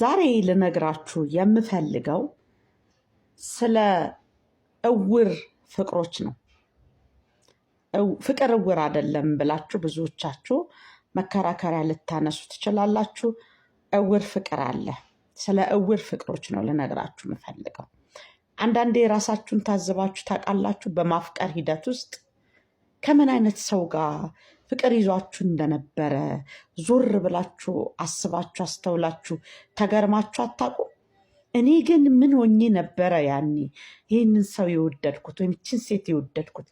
ዛሬ ልነግራችሁ የምፈልገው ስለ እውር ፍቅሮች ነው። ፍቅር እውር አይደለም ብላችሁ ብዙዎቻችሁ መከራከሪያ ልታነሱ ትችላላችሁ። እውር ፍቅር አለ። ስለ እውር ፍቅሮች ነው ልነግራችሁ የምፈልገው። አንዳንዴ ራሳችሁን ታዝባችሁ ታውቃላችሁ? በማፍቀር ሂደት ውስጥ ከምን አይነት ሰው ጋር ፍቅር ይዟችሁ እንደነበረ ዞር ብላችሁ አስባችሁ አስተውላችሁ ተገርማችሁ አታውቁም? እኔ ግን ምን ሆኜ ነበረ ያኔ ይህንን ሰው የወደድኩት ወይም ችን ሴት የወደድኩት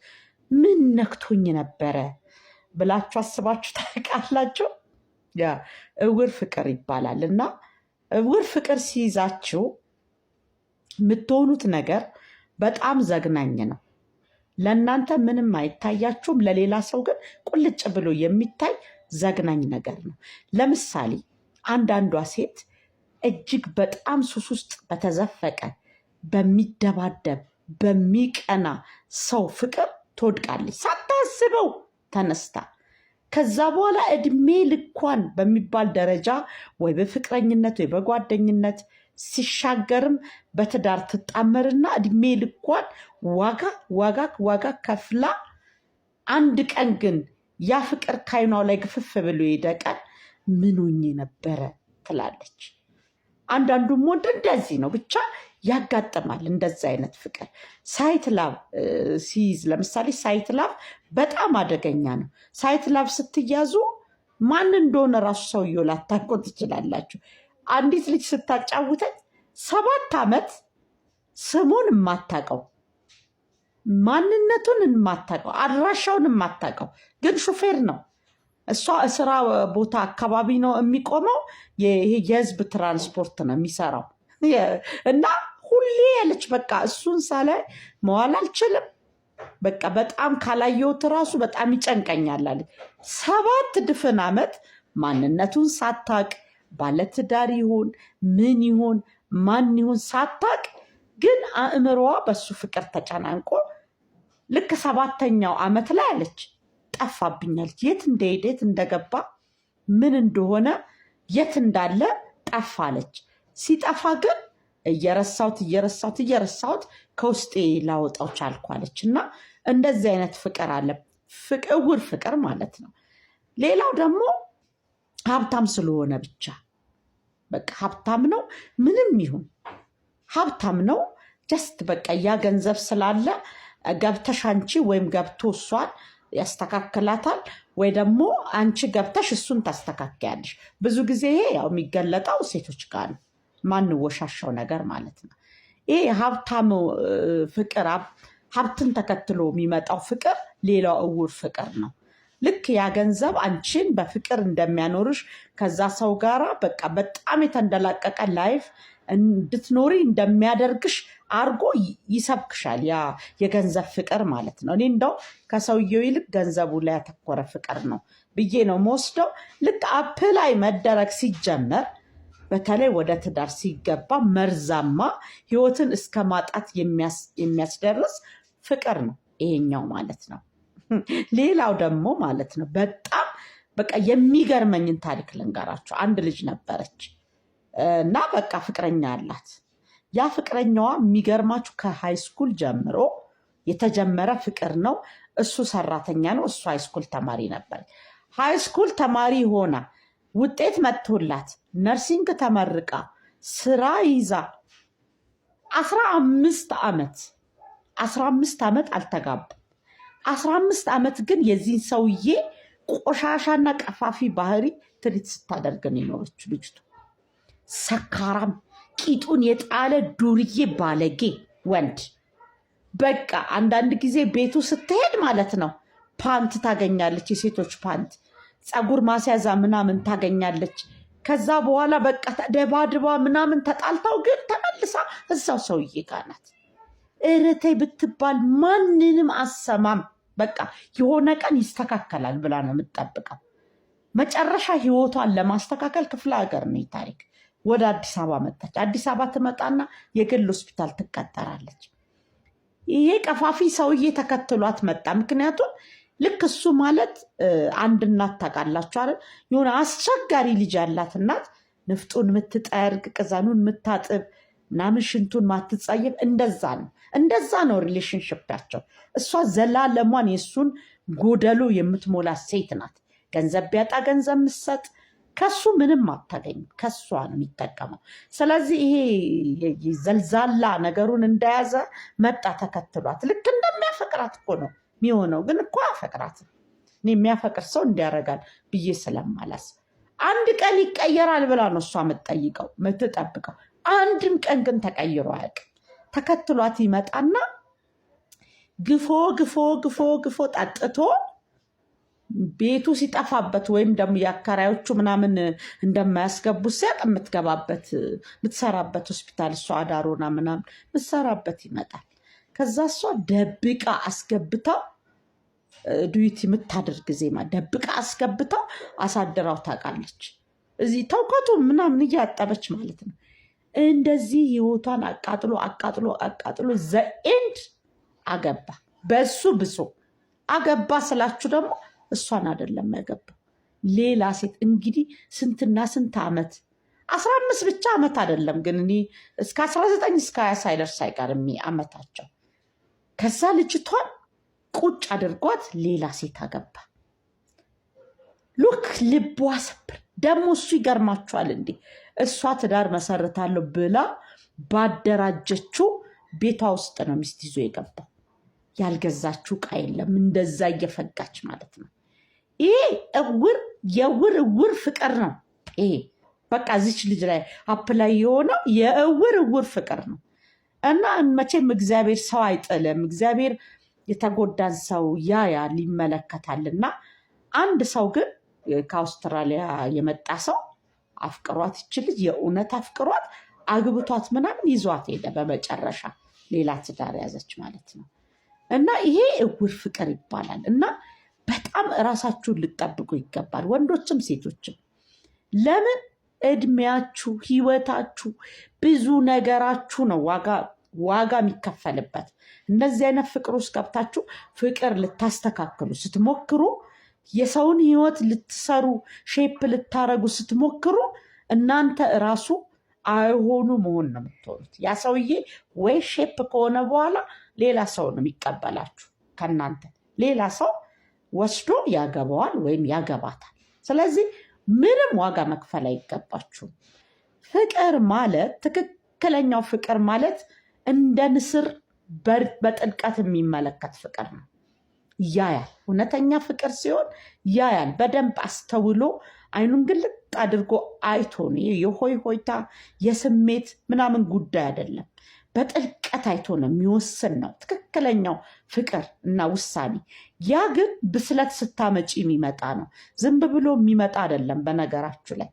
ምን ነክቶኝ ነበረ ብላችሁ አስባችሁ ታውቃላችሁ? ያ እውር ፍቅር ይባላል እና እውር ፍቅር ሲይዛችሁ የምትሆኑት ነገር በጣም ዘግናኝ ነው። ለእናንተ ምንም አይታያችሁም፣ ለሌላ ሰው ግን ቁልጭ ብሎ የሚታይ ዘግናኝ ነገር ነው። ለምሳሌ አንዳንዷ ሴት እጅግ በጣም ሱስ ውስጥ በተዘፈቀ በሚደባደብ በሚቀና ሰው ፍቅር ትወድቃለች ሳታስበው ተነስታ። ከዛ በኋላ እድሜ ልኳን በሚባል ደረጃ ወይ በፍቅረኝነት ወይ በጓደኝነት ሲሻገርም በትዳር ትጣመርና እድሜ ልኳን ዋጋ ዋጋ ዋጋ ከፍላ አንድ ቀን ግን ያ ፍቅር ካይኗ ላይ ግፍፍ ብሎ ሄደ ቀን ምኖኝ ነበረ ትላለች። አንዳንዱም ወንድ እንደዚህ ነው። ብቻ ያጋጥማል እንደዚህ አይነት ፍቅር። ሳይት ሲይዝ ለምሳሌ ሳይት ላቭ በጣም አደገኛ ነው። ሳይት ላቭ ስትያዙ ማን እንደሆነ ራሱ ሰውየው ላታውቁት ትችላላችሁ። አንዲት ልጅ ስታጫውተኝ ሰባት ዓመት ስሙን የማታውቀው ማንነቱን የማታውቀው አድራሻውን የማታውቀው ግን ሹፌር ነው። እሷ ስራ ቦታ አካባቢ ነው የሚቆመው። የህዝብ ትራንስፖርት ነው የሚሰራው እና ሁሌ ያለች በቃ እሱን ሳላይ መዋል አልችልም። በቃ በጣም ካላየሁት ራሱ በጣም ይጨንቀኛል አለች። ሰባት ድፍን ዓመት ማንነቱን ሳታውቅ ባለትዳር ይሁን ምን ይሁን ማን ይሁን ሳታቅ ግን አእምሮዋ በሱ ፍቅር ተጨናንቆ ልክ ሰባተኛው ዓመት ላይ አለች ጠፋብኛለች። የት እንደሄደ የት እንደገባ ምን እንደሆነ የት እንዳለ ጠፋለች። ሲጠፋ ግን እየረሳሁት እየረሳሁት እየረሳሁት ከውስጤ ላወጣው ቻልኳለች። እና እንደዚህ አይነት ፍቅር አለ፣ እውር ፍቅር ማለት ነው። ሌላው ደግሞ ሀብታም ስለሆነ ብቻ በቃ ሀብታም ነው፣ ምንም ይሁን ሀብታም ነው። ጀስት በቃ ያ ገንዘብ ስላለ ገብተሽ አንቺ ወይም ገብቶ እሷን ያስተካክላታል ወይ ደግሞ አንቺ ገብተሽ እሱን ታስተካክያለሽ። ብዙ ጊዜ ይሄ ያው የሚገለጠው ሴቶች ጋር ነው፣ ማንወሻሻው ነገር ማለት ነው። ይሄ ሀብታም ፍቅር ሀብትን ተከትሎ የሚመጣው ፍቅር ሌላው እውር ፍቅር ነው። ልክ ያ ገንዘብ አንቺን በፍቅር እንደሚያኖርሽ ከዛ ሰው ጋር በቃ በጣም የተንደላቀቀ ላይፍ እንድትኖሪ እንደሚያደርግሽ አርጎ ይሰብክሻል። ያ የገንዘብ ፍቅር ማለት ነው። እኔ እንደው ከሰውየው ይልቅ ገንዘቡ ላይ ያተኮረ ፍቅር ነው ብዬ ነው መወስደው። ልክ አፕ ላይ መደረግ ሲጀመር በተለይ ወደ ትዳር ሲገባ መርዛማ ህይወትን እስከ ማጣት የሚያስደርስ ፍቅር ነው ይሄኛው ማለት ነው። ሌላው ደግሞ ማለት ነው በጣም በቃ የሚገርመኝን ታሪክ ልንገራቸው። አንድ ልጅ ነበረች እና በቃ ፍቅረኛ አላት። ያ ፍቅረኛዋ የሚገርማችሁ ከሃይስኩል ጀምሮ የተጀመረ ፍቅር ነው። እሱ ሰራተኛ ነው፣ እሱ ሃይስኩል ተማሪ ነበር። ሃይስኩል ተማሪ ሆና ውጤት መጥቶላት ነርሲንግ ተመርቃ ስራ ይዛ አስራ አምስት ዓመት አስራ አምስት ዓመት አልተጋቡ አስራ አምስት ዓመት ግን የዚህን ሰውዬ ቆሻሻና ቀፋፊ ባህሪ ትሪት ስታደርግ ነው የኖረችው ልጅቱ። ሰካራም ቂጡን የጣለ ዱርዬ ባለጌ ወንድ። በቃ አንዳንድ ጊዜ ቤቱ ስትሄድ ማለት ነው ፓንት ታገኛለች፣ የሴቶች ፓንት፣ ፀጉር ማስያዛ ምናምን ታገኛለች። ከዛ በኋላ በቃ ደባድባ ምናምን ተጣልታው ግን ተመልሳ እዛው ሰውዬ ጋር ናት። እረቴ ብትባል ማንንም አሰማም። በቃ የሆነ ቀን ይስተካከላል ብላ ነው የምጠብቀው። መጨረሻ ህይወቷን ለማስተካከል ክፍለ ሀገር ነው ታሪክ ወደ አዲስ አበባ መጣች። አዲስ አበባ ትመጣና የግል ሆስፒታል ትቀጠራለች። ይሄ ቀፋፊ ሰውዬ ተከትሏት መጣ። ምክንያቱም ልክ እሱ ማለት አንድ እናት ታውቃላችሁ አይደል? የሆነ አስቸጋሪ ልጅ ያላት እናት ንፍጡን የምትጠርግ ቅዘኑን የምታጥብ ምናምን ሽንቱን ማትጸየፍ እንደዛ ነው። እንደዛ ነው ሪሌሽንሽፓቸው። እሷ ዘላለሟን የእሱን ጎደሉ የምትሞላ ሴት ናት። ገንዘብ ቢያጣ ገንዘብ ምሰጥ ከሱ ምንም አታገኝም። ከሷ ነው የሚጠቀመው። ስለዚህ ይሄ ዘልዛላ ነገሩን እንደያዘ መጣ ተከትሏት። ልክ እንደሚያፈቅራት እኮ ነው የሚሆነው። ግን እኮ አያፈቅራትም። እኔ የሚያፈቅር ሰው እንዲያረጋል ብዬ ስለማላስ አንድ ቀን ይቀየራል ብላ ነው እሷ የምትጠይቀው የምትጠብቀው። አንድም ቀን ግን ተቀይሮ አያውቅም። ተከትሏት ይመጣና ግፎ ግፎ ግፎ ግፎ ጠጥቶ ቤቱ ሲጠፋበት ወይም ደግሞ የአከራዮቹ ምናምን እንደማያስገቡት ሲያቅ የምትገባበት የምትሰራበት ሆስፒታል እሷ አዳሮና ምናምን የምትሰራበት ይመጣል። ከዛ እሷ ደብቃ አስገብተው ዱዩቲ የምታደርግ ዜማ ደብቃ አስገብተው አሳድራው ታውቃለች። እዚህ ተውከቱ ምናምን እያጠበች ማለት ነው። እንደዚህ ህይወቷን አቃጥሎ አቃጥሎ አቃጥሎ ዘኤንድ አገባ። በሱ ብሶ አገባ ስላችሁ ደግሞ እሷን አይደለም ያገባ ሌላ ሴት እንግዲህ ስንትና ስንት ዓመት አስራ አምስት ብቻ ዓመት አይደለም ግን እኔ እስከ አስራ ዘጠኝ እስከ ሀያ ሳይደርስ አይቀርም አመታቸው። ከዛ ልጅቷን ቁጭ አድርጓት ሌላ ሴት አገባ። ሉክ ልቧ ሰብር ደግሞ እሱ ይገርማችኋል እንዴ እሷ ትዳር መሰረታለሁ ብላ ባደራጀችው ቤቷ ውስጥ ነው ሚስት ይዞ የገባው። ያልገዛችው ቃ የለም። እንደዛ እየፈጋች ማለት ነው። ይሄ እውር የውር እውር ፍቅር ነው። ይሄ በቃ እዚች ልጅ ላይ አፕ ላይ የሆነው የእውር እውር ፍቅር ነው እና መቼም እግዚአብሔር ሰው አይጥልም። እግዚአብሔር የተጎዳን ሰው ያያል፣ ይመለከታል። እና አንድ ሰው ግን ከአውስትራሊያ የመጣ ሰው አፍቅሯት ይችል የእውነት አፍቅሯት አግብቷት ምናምን ይዟት ሄደ። በመጨረሻ ሌላ ትዳር ያዘች ማለት ነው። እና ይሄ እውር ፍቅር ይባላል። እና በጣም እራሳችሁን ልጠብቁ ይገባል፣ ወንዶችም ሴቶችም። ለምን እድሜያችሁ፣ ህይወታችሁ፣ ብዙ ነገራችሁ ነው ዋጋ ዋጋ የሚከፈልበት። እነዚህ አይነት ፍቅር ውስጥ ገብታችሁ ፍቅር ልታስተካክሉ ስትሞክሩ የሰውን ህይወት ልትሰሩ ሼፕ ልታረጉ ስትሞክሩ እናንተ እራሱ አይሆኑ መሆን ነው የምትሆኑት። ያ ሰውዬ ወይ ሼፕ ከሆነ በኋላ ሌላ ሰው ነው የሚቀበላችሁ ከእናንተ ሌላ ሰው ወስዶ ያገባዋል ወይም ያገባታል። ስለዚህ ምንም ዋጋ መክፈል አይገባችሁም። ፍቅር ማለት ትክክለኛው ፍቅር ማለት እንደ ንስር በጥልቀት የሚመለከት ፍቅር ነው። ያያል። እውነተኛ ፍቅር ሲሆን ያያል። በደንብ አስተውሎ አይኑን ግልጥ አድርጎ አይቶ ነው። የሆይ ሆይታ የስሜት ምናምን ጉዳይ አይደለም። በጥልቀት አይቶ ነው የሚወስን ነው ትክክለኛው ፍቅር እና ውሳኔ። ያ ግን ብስለት ስታመጪ የሚመጣ ነው፣ ዝም ብሎ የሚመጣ አይደለም። በነገራችሁ ላይ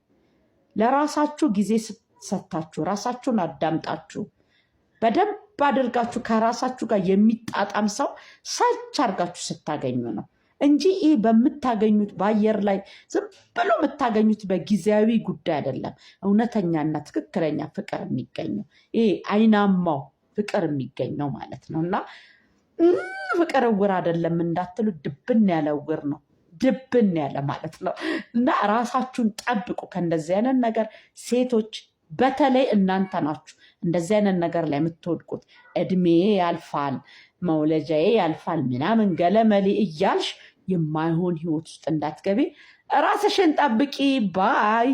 ለራሳችሁ ጊዜ ሰታችሁ ራሳችሁን አዳምጣችሁ በደንብ ባደርጋችሁ ከራሳችሁ ጋር የሚጣጣም ሰው ሰርች አድርጋችሁ ስታገኙ ነው እንጂ ይህ በምታገኙት በአየር ላይ ዝም ብሎ የምታገኙት በጊዜያዊ ጉዳይ አይደለም። እውነተኛና ትክክለኛ ፍቅር የሚገኘው ይሄ አይናማው ፍቅር የሚገኘው ማለት ነው እና ፍቅር እውር አይደለም እንዳትሉ፣ ድብን ያለ እውር ነው። ድብን ያለ ማለት ነው እና ራሳችሁን ጠብቁ ከእንደዚህ አይነት ነገር ሴቶች በተለይ እናንተ ናችሁ እንደዚህ አይነት ነገር ላይ የምትወድቁት። እድሜ ያልፋል፣ መውለጃዬ ያልፋል ምናምን ገለመሌ እያልሽ የማይሆን ህይወት ውስጥ እንዳትገቢ ራስሽን ጠብቂ ባይ